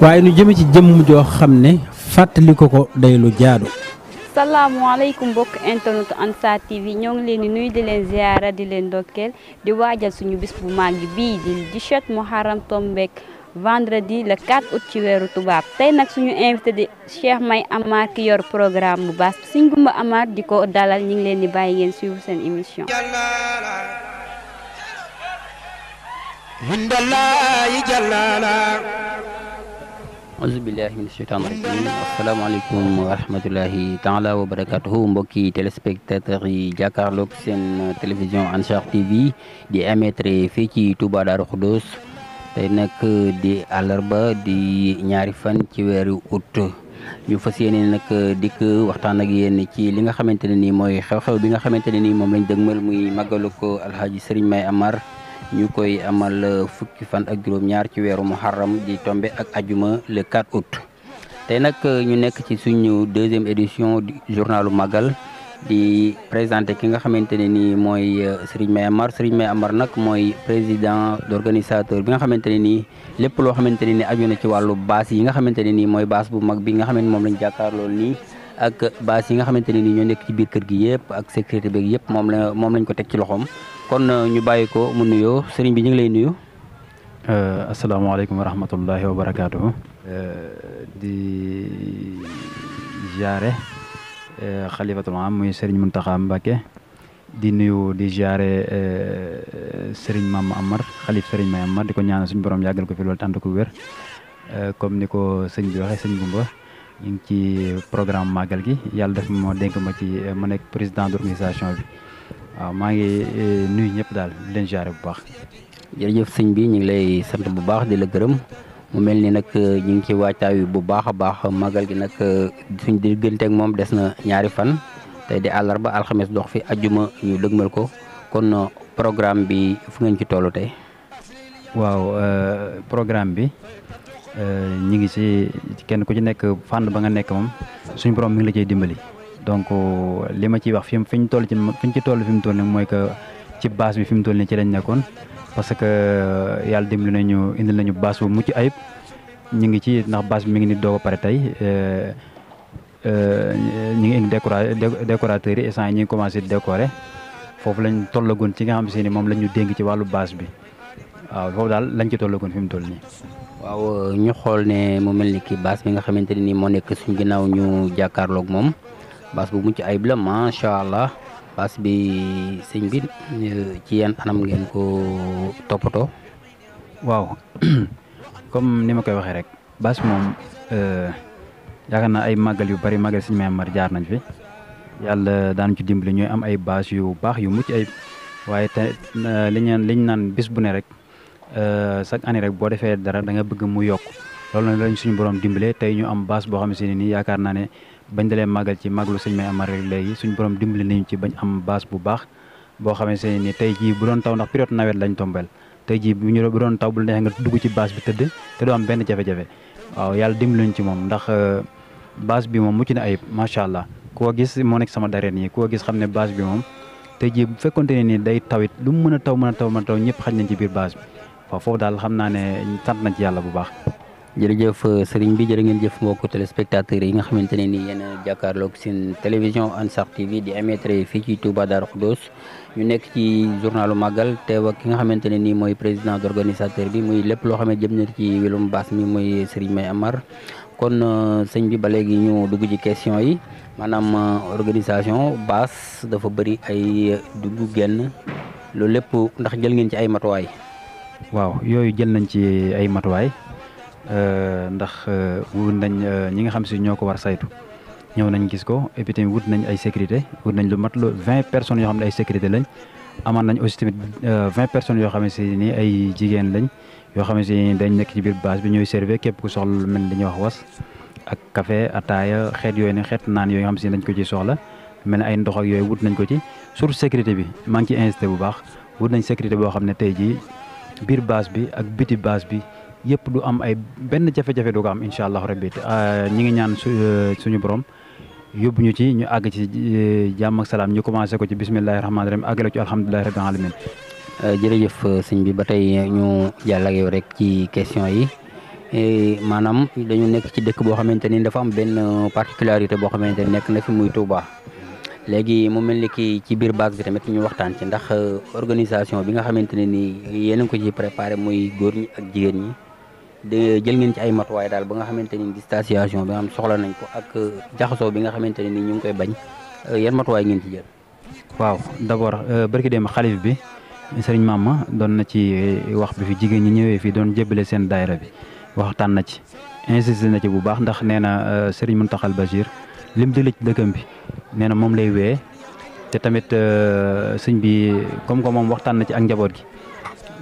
waaye nu jëme ci jëmm joo xam ne fàttali ko ko day lu jaadu. salaamaaleykum mbokk internet Ansar TV ñoo ngi leen di nuyu di leen ziara di leen ndokkeel di waajal suñu bis bu màgg bii di 17 Muharram tombeek vendredi le 4 août ci weeru tubaab tey nag suñu invité di Cheikh May Amar ki yor programme bu baas Sëñ Gumba Amar di ko dalal ñu ngi leen di bàyyi ngeen suivre seen émission. Hindalaayi auzubillahi mina sheytaan rajim asalaamaaleykum wa rahmatullahi taala wa barakatuhu mbokki téléspectateurs yi jàkkaarloog seen télévision Ansar TV di émettre fii ci Touba Darou Khoudoss tey nak di àllarba di ñaari fan ci weeru août ñu fas yéene nag dikk waxtaan ak yéen ci li nga xamante ne nii mooy xew-xew bi nga xamante ne nii moom lañ dëgmal muy màggalu ko alhaaji Serigne May Amar ñukoy amal euh, fukki fan ak juroom ñaar ci wéru muharram di tombe ak ajuma le 4 août tay nak euh, ñu nekk ci suñu deuxième édition du journal magal di présenter ki nga xamante ni moy euh, Serigne May Amar Serigne May Amar nak moy président d'organisateur bi nga xamante ni lepp lo loo ni aju na ci walu baas yi nga xamante ni moy mooy bu mag bi nga xamante moom lañ jàkkaarloo ni ak baas yi nga xamante ni ñoo nekk ci biir kër gi yépp ak secrétaire bi yépp mom la mom lañ ko tek ci loxom kon euh, ñu bàyyi ko mu nuyoo sëriñ bi ñu ngi lay nuyu. Euh, asalaamaaleykum wa rahmatullahi wa barakaatu. Euh, di jaare xalifatul am muy sëriñ Muntaxa Mbàkke di nuyu di jaare sëriñ Mame Amar xalif sëriñ ma Amar di ko ñaanal suñu borom yàggal ko fi loolu tànd ko wér comme ni ko sëñ bi waxee sëñ Gumba ñu ngi ci programme màggal gi yàlla def moo dénk ma ci ma nekk président d'organisation bi. waaw maa ngi eh, nuyu ñëpp daal di leen jaare bu baax. jërëjëf sëñ bi ñu ngi lay sant bu baax di la gërëm mu mel ni nag eh, ñu ngi ci waajtaay bu baax a baax màggal gi nag eh, suñ digganteeg moom des na ñaari fan te di àllarba alxames dox fi ajjuma ñu dëgmal ko kon programme bi fu ngeen ci tollu tey. waaw programme bi ñu ngi ci kenn ku ci nekk fànn ba nga nekk moom suñu borom mi ngi la cay dimbali. donc euh, li ma ciy wax fi fi ñu toll ci fi ci toll fi mu toll nii mooy que ci base bi fi mu toll nii ci lañ nekkoon parce que euh, yàlla dimbali nañu indi nañu baas bu mucc ayib ñu ngi ci ndax baas bi mi ngi ni doog a pare tey euh, ñu ngi indi décorer décorateur yi instant yi ñu ngi commencé décorer foofu lañ tollagoon ci nga xam si ni moom la ñu dénk ci wàllu base bi waaw foofu daal lañ ci tollagoon fi mu toll nii. waaw ñu xool ne mu mel ni ki base bi nga xamante ne nii moo nekk suñ ginnaaw ñu jàkkaarloog moom. bas bu ci ayib la sha allah bas bi sëñ bi ci yeen anam ngeen ko topoto waaw comme ni ma koy waxe rek bas moom yaakaar naa ay magal yu bari magal sëñ Mamar jaar nañ fi yalla daan ci dimbali ñoy am ay bas yu bax yu mucc ayib waye te li ñu liñ naan bis bu ne rek. chaque année rek bo defé dara da nga bëgg mu yok loolu lañ suñu borom dimbalé tay ñu am bo ni yaakar na né bañ dalee màggal ci màggalu sëñ May Amar rek léegi suñ borom dimbali nañu ci bañ am base bu baax boo xamante ne nii tey jii bu doon taw ndax période nawet lañ tombel tey jii bu ñu bu doon taw bu neexee nga dugg ci base bi tëdd te doo benn jafe-jafe waaw yàlla dimbali nañu ci moom ndax euh, base bi moom mucc na ayib macha allah koo gis moo nekk sama dareen yi koo gis xam ne base bi moom tey jii bu fekkonte ne ni day tawit lu mu mën a taw mën a taw mën a ñëpp xaj nañ ci biir base bi waaw foofu daal xam naa ne sant nañ ci yàlla bu baax jërëjëf eh, sëriñ bi jërë ngeen jëf mbokku téléspectateurs yi nga xamante ni nii yéen eh, a jàkkaarloog seen télévision Ansar TV di émettre fii ci Touba Darou Khoudoss ñu nekk ci journalu màggal teew ak ki nga xamante ni nii mooy président d' organisateur bi muy lépp loo xam jëm na ci wilum baas mi muy sëriñ May Amar kon eh, sëñ bi ba léegi ñu dugg ci question yi maanaam organisation baas dafa bëri ay dugg genn loolu lépp ndax jël ngeen ci ay matuwaay. waaw yooyu jël nañ ci ay matuwaay. Euh, ndax euh, wut nañ euh, ñi nga xam si ñoo ko war saytu ñëw nañ gis ko et wut nañ ay sécurité wut nañ lu mat lu vingt personnes yoo xam ne ay sécurité lañ amaan nañ aussi tamit vingt personnes yoo xam ne si nii ay jigéen lañ yoo xam ne si dañ nekk ci biir base bi ñooy servé képp ku soxla lu mel li wax was ak café ataaya xeet yooyu xeet naan yooyu xam si dañ ko ci soxla mel ne ay ndox ak yooyu wut nañ ko ci surtout sécurité bi maa ngi ci insisté bu baax wut nañ sécurité boo xam ne tey jii biir base bi ak biti base bi yëpp du am ay benn jafe-jafe du ko am incha allahu rabbi ah, ñi ngi ñaan euh, suñu borom yóbbu ñu ci ñu àgg ci euh, jàmm ak salaam ñu commencé ko ci bismillahi rahmaani rahim àggale ci alhamdulilahi rabbil alamin euh, jërëjëf sëñ bi ba tey ñu jàll ak yow rek ci question yi maanaam dañu nekk ci dëkk boo xamante ni dafa am benn particularité boo xamante nekk na fi muy Touba léegi mu mel ni ki ci biir baag bi tamit ñu waxtaan ci ndax organisation bi nga xamante ne nii yéen a ngi ko ci préparé muy góor ñi ak jigéen ñi de jël ngeen ci ay matuwaay daal ba nga xamante ni distanciation bi nga xam soxla nañ ko ak euh, jaxasoo bi nga xamante ne ni ñu ngi koy bañ euh, yan matuwaay ngeen ci jël. waaw d'abord euh, barki dem xalif bi sëriñ Mama doon na ci wax bi fi jigéen ñi ñëwee fii doon jébbale seen daayira bi waxtaan na ci insisté na ci bu baax ndax nee na sëriñ Mountakha Bachir lim di lëj dëkkam bi nee na moom lay wee te tamit sëñ bi comme que moom waxtaan na ci ak njaboot gi.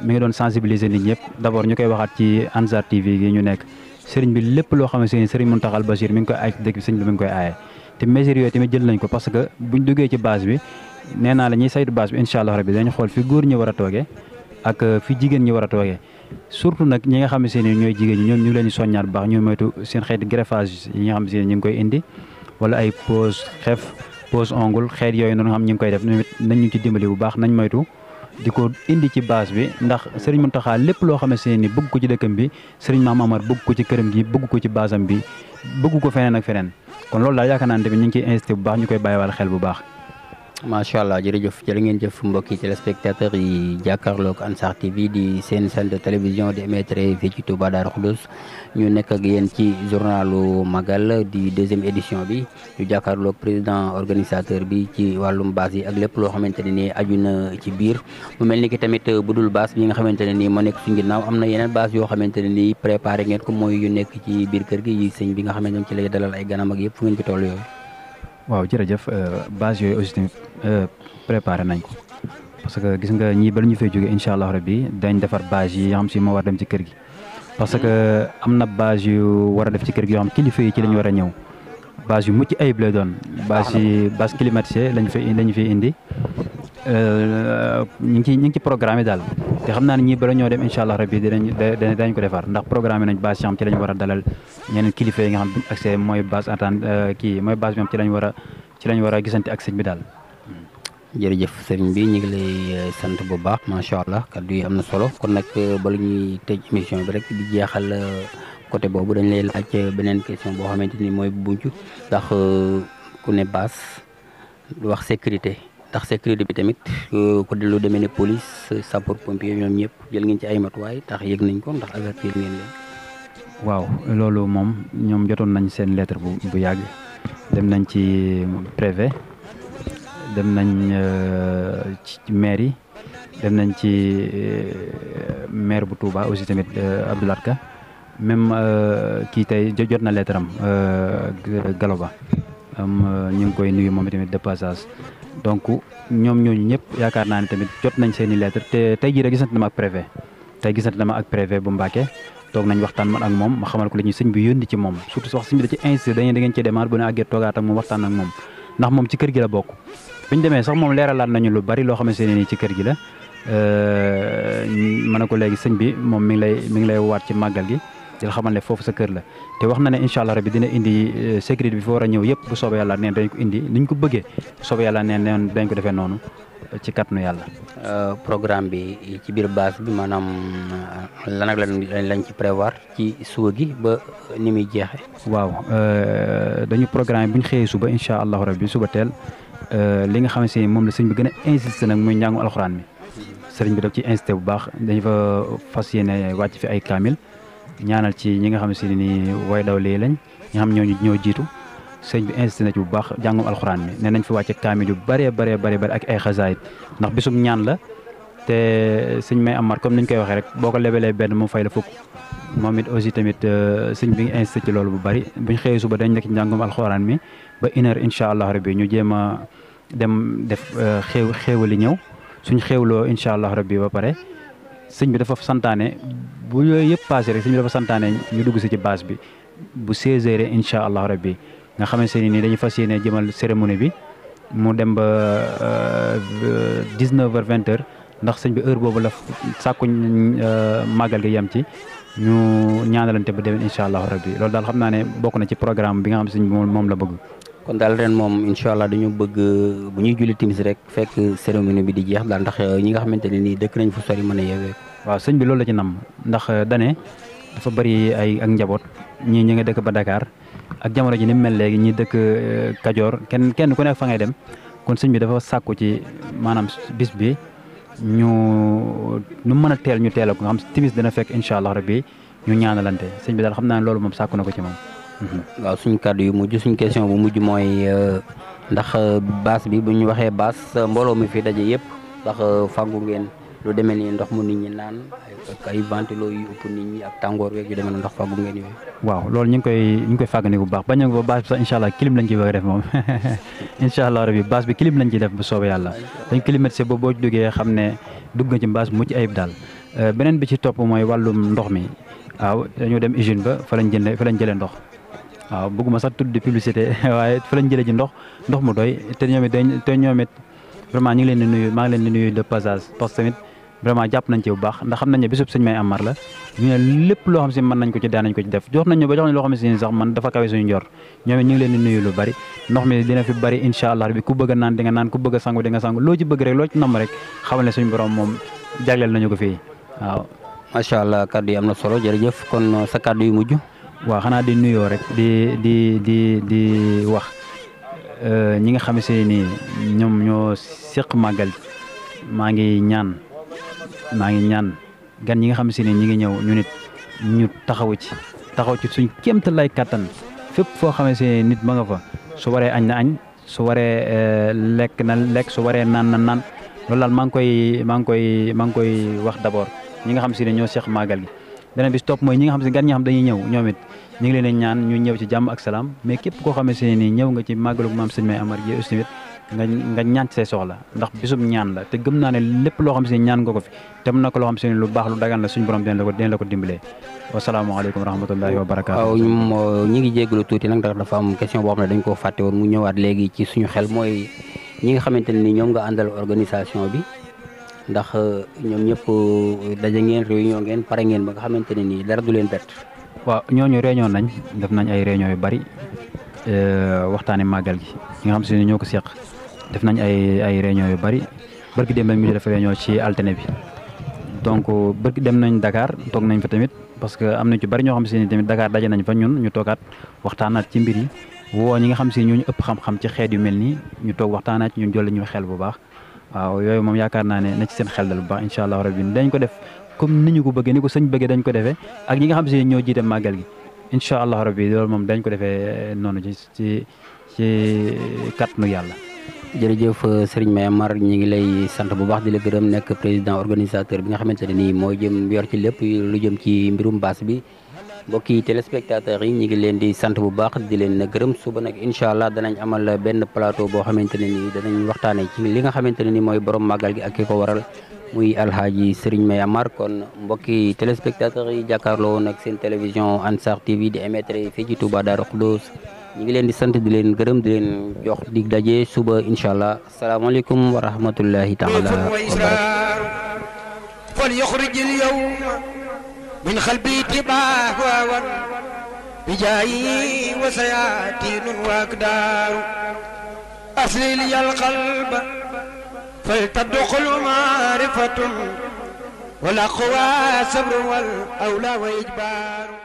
mi ngi doon sensibiliser nit ñëpp d'abord ñu koy waxaat ci Ansar TV gi ñu nekk sëriñ bi lépp loo xamante ne sëriñ Mountakha taxal Bachir mi ngi koy aay ci dëkk bi sëriñ bi mi ngi koy aaye te mesures yooyu tamit jël nañ ko parce que bu buñ duggee ci base bi nee naa la ñuy saytu base bi incha allah bi dañ xool fi góor ñi war a toogee ak euh, fi jigéen ñi war a toogee surtout nag ñi nga xam ne ñooy jigéen ñi ñu leen di soññaat bu baax ñu moytu seen xeet greffage yi nga xam ne ni ñu ngi koy indi wala ay pose xef pose ongle xeet yooyu noonu xam ñu ngi koy def nañ ñu ci dimbali bu baax nañ moytu di ko indi ci base bi ndax sëriñ Mountakha lépp loo xam ne ni bëgg ko ci dëkkam bi sëriñ Maam Amar bëgg ko ci këram gi bëgg ko ci baasam bi bëgg ko feneen ak feneen kon loolu daal yaakaar naa ne tamit ñu ngi ciy insisté bu baax ñu koy bàyyiwaal xel bu baax macha allah jërëjëf jërë ngeen jëf mbokki téléspectateurs yi jàkkaarloog Ansar TV di seen chaîne de télévision di émettre fii ci tuba Darou Khoudoss ñu nekk ak yéen ci journalu Magal di deuxième édition bi ñu jàkkaarloog président organisateur bi ci wàllum baas yi ak lépp loo xamante ne nii aju na ci biir mu mel ni ki tamit budul baas bi nga xamante ne nii nekk suñu ginnaaw am na yeneen baas yoo xamante ne nii préparé ngeen ko mooy yu nekk ci biir kër gi yi sëñ bi nga yëpp fu ngeen ci waaw jërëjëf euh, base yooyu aussi tamit euh, préparé nañ ko parce que gis nga ñii bala ñu fay jógee incha allah rabbi dañ defar base yi xam si moo war dem ci kër gi. parce que am na base yu war a def ci kër gi yoo xam kilifa yi ci lañu war a ñëw base yu mucc ayib lay doon. base yi base climatisée lañ fay lañ fay indi. ñu ngi ñu ngi programme daal te xam naa ne ñoo dem incha allah rabbi dinañ dinañ ko defar ndax programme nañ base ci lañ war a dalal ñeneen kilifa yi nga xam ak seen mooy base atan kii mooy base bi ci lañ war a ci lañ war a gisante ak sëñ bi daal. jërëjëf sëriñ bi ñu ngi lay sant bu baax macha allah kaddu yi am na solo kon nag bala ñuy tëj émission bi rek di jeexal côté boobu dañ lay laaj beneen question boo xamante ni mooy ndax ku ne base wax sécurité tax sécurité bi tamit ko di lu demee police sapeur pompier ñom ñep jël ngeen ci ay way tax yegg nañ ko ndax avertir ngeen leen waaw lolu mom ñom jotoon nañ seen lettre bu bu yagg dem nañ ci prévé dem nañ ci mairie dem nañ ci maire bu Touba aussi tamit eh, Abdoulaye Ka même eh, ki tay jot na lettre am eh, Galoba am ñing koy nuyu mom tamit de passage donc ñoom ñooñu ñëpp yaakaar naa ne tamit jot nañ seen i lettre te tey jii rek gisante na ma ak préfet tey gisante na ma ak préfet bu Mbacke toog nañ waxtaan man ak moom xamal ko la ñuy sëñ bi yónni ci moom surtout sax sëñ bi ci insisté dañu da ngeen cee demaat bu ne àggee toogaat ak moom waxtaan ak moom ci kër gi la bokk biñ demee sax moom leeralaat nañu lu bari loo xamante ne nii ci kër gi la euh, ma ne ko léegi sëñ bi moom mi ngi lay mi ngi lay waat ci màggal gi jël la xamal ne foofu sa kër la té wax na né inshallah rabbi dina indi euh, sécurité bi fo war ñew yépp bu soobee yalla né dañ ko indi niñ ko bëggé bu yalla né né dañ ko défé nonu euh, ci katnu yalla euh programme bi ci bir base bi manam euh, lan ak lan lañ ci prévoir ci suba gi ba ni mi jéxé waaw euh dañu programme buñ ñu suba inshallah rabbi suba tel euh li nga xamé sé mom la sëñ bi gëna insisté nak mooy ñangu alcorane mi mm-hmm. sëriñ bi daf ci insisté bu baax dañ fa fas wacc fi ay kamil ñaanal ci ñi nga xam si ne nii way daw lii lañ ñi xam ñoo ñoo jiitu sëñ bi insisté bu baax jàngum alxuraan mi ne nañ fi wàcce kaamil yu bëree bare bëri bëri ak ay xasaayit ndax bisum ñaan la te sëñ may amar comme niñ koy waxee rek boo ko lebelee benn mu fay la fukk moom it aussi tamit euh, sëñ bi nga ci loolu bu bëri buñ xëyee suba dañ nekk ci njàngum alxuraan mi ba une heure incha allah rabbi ñu jéem a dem def euh, xew li ñëw suñ xéewloo incha allah rabbi sëñ bi dafa santaane bu yooyu yëpp passé rek sëñ bi dafa santaane ñu dugg si ci base bi bu 16h incha allah rabbi nga xamante ne nii dañu fas yéene jëmal cérémonie bi mu dem ba 19h euh, 20h ndax sëñ bi heure boobu la sàkku euh, màggal gi yem ci ñu ñaanalante ba demee incha allah rabbi loolu daal xam naa ne bokk na ci programme bi nga xam sëñ bi moom la bëgg. kon dal ren moom inshallah allah dañu bëgg bu ñuy julli timis rek fekk cérémonie bi di jeex dal ndax euh, ñi nga xamanteni ni dekk nañ fu sori mëna yewé waaw sëñ bi loolu la ci nam ndax euh, dane dafa bari ay ak njabot ñi ñi nga dekk ba Dakar ak jamono ji ni mel légui ñi dekk euh, kadior kenn kenn ku nekk fa ngay dem kon sëñ bi dafa sakku ci manam bis bi ñu nu mëna a ñu teel ko nga xam timis dana fekk inshallah allah rabbi ñu ñaanalante sëñ bi dal xamna loolu moom sakku nako ci mom Mhm. wa suñ kaddu yu muju suñ question bu muju moy euh, ndax euh, bass bi buñ ñu bass euh, mbolo mi fi daje yep ndax fangu ngeen lu demee ni ndox mu nit ñi naan kay ay ventilo yu upp nit ñi ak tangor weeg yu demee ndox fangu ngeen yoy waaw lool ñu ngi koy ñu ngi koy fagané bu baax bañ ba bi sax lañ ci bëgg def moom inshallah rabbi bass bi kilim lañ ci def bu soobee yalla dañ kilim ba bo bo duggé xamné dugg ci bass mu ci ayib dal benen bi ci top moy walum ndox mi aw dañu dem usine ba fa lañ jëlee fa lañ jëlé ndox waaw bëgguma sax tudd publicité waaye fa lañ jëlee ndox ndox mu doy te ñoom it te ñu ngi leen di nuyu maa leen di nuyu de passage parce que tamit jàpp nañ ci bu baax ndax xam nañ ne bisub sëñ May Amar la ñu ne lépp loo xam si mën nañ ko ci daan ko ci def jox nañ ñu ba jox loo xam si sax man dafa kawe suñu njor ñoom it leen di nuyu lu bari ndox mi dina fi bari incha allah bi ku bëgg a naan di nga naan ku bëgg a sangu di nga sangu loo ci bëgg rek loo ci namm rek xamal ne suñu borom allah kàddu yi na solo jërëjëf kon sa kàddu yu waaw xanaa di nuyoo rek di di di di wax euh, ñi nga xam see ni ñoom ñoo séq màggal maa ngi ñaan maa ngi ñaan gan ñi nga xam si ne ñi ngi ñëw ñu nit ñu taxawu ci taxaw ci suñ kéemta lay kàttan fépp foo xam ne nit ma nga fa su waree añ na añ su waree euh, lekk na lekk su waree naan na naan loolu maa ngi koy maa ngi koy maa ngi koy wax d'abord ñi nga xam si ne ñoo seex màggal gi beneen bi stop moy ñi nga xam si gan ñi xam dañuy ñew ñomit ñi ngi leen di ñaan ñu ñew ci jamm ak salam mais kep ko xamé ne nii ñëw nga ci màggalu mam seigne May Amar ye aussi nga nga ñaan ci say soxla ndax bisum ñaan la te gëm na ne lepp lo xam si ñaan nga ko fi tam na ko lo xam si lu bax lu dagan la suñu borom dina la ko dina la ko dimbalé dimbalee wasalaamaaleykum rahmatullahi wa barakaatu aw ñu ñi ngi jégalu tuuti nak ndax dafa am question bo xamné dañ ko faté won mu ñëwaat légui ci suñu xel moy ñi nga xamanteni ñom nga andal organisation bi ndax eh, ñom ñep eh, dajé ngeen réunion ngeen paré ngeen ba nga xamanteni ni dara du leen bett waaw ñooñu réunion nañ def nañ ay réunion yu bari euh waxtaane magal gi nga xam si ñoko ñoo def nañ ay ay réunion yu bari barki dem lañ mujj def réunion ci alterné bi donc barki dem nañ Dakar tok nañ fa tamit parce que amna ci bari ñoo xam si ne tamit Dakar dajé nañ fa ñun ñu toogaat waxtaanaat ci mbir yi wo ñi nga xam si ñu ëpp xam-xam ci xéet yu melni nii ñu toog waxtaanaat ñun jollu ñu xel bu baax waaw yooyu moom yaakaar naa ne na ci seen xel dal bu baax incha allah rabbi dañ ko def comme ni ñu ko bëggee ni ko sëñ bëggee dañ ko defee ak ñi nga xam si ñoo jiite màggal gi incha allah rabbi loolu moom dañ ko defee eh, noonu ci ci ci kàttanu yàlla. jërëjëf eh, Serigne Maye Amar ñu ngi lay sant bu baax di la gërëm nekk président organisateur bi nga xamante ne nii moo jëm yor ci lépp lu jëm ci mbirum baas bi. mbokki téléspectateurs yi ñu ngi leen di sant bu baax di leen gërëm suba nag incha allah danañ amal benn plateau boo xamante ne nii danañ waxtaanee ci li nga xamante ne nii mooy borom màggal gi ak ki ko waral muy alhaaji Serigne Mbaye Amar kon mbokki téléspectateurs yi jàkkaarloo woon seen télévision Ansar TV di émettre fii ci Touba Darou Khoudoss ñu ngi leen di sant di leen gërëm di leen jox dig daje suba incha allah asalaamaaleykum wa rahmatullahi taala wa barakatuh من قلبي تباهوا بجاي وسياتين واقدار أسري لي القلب فلتدخل معرفة قوى صبر والأولى وإجبار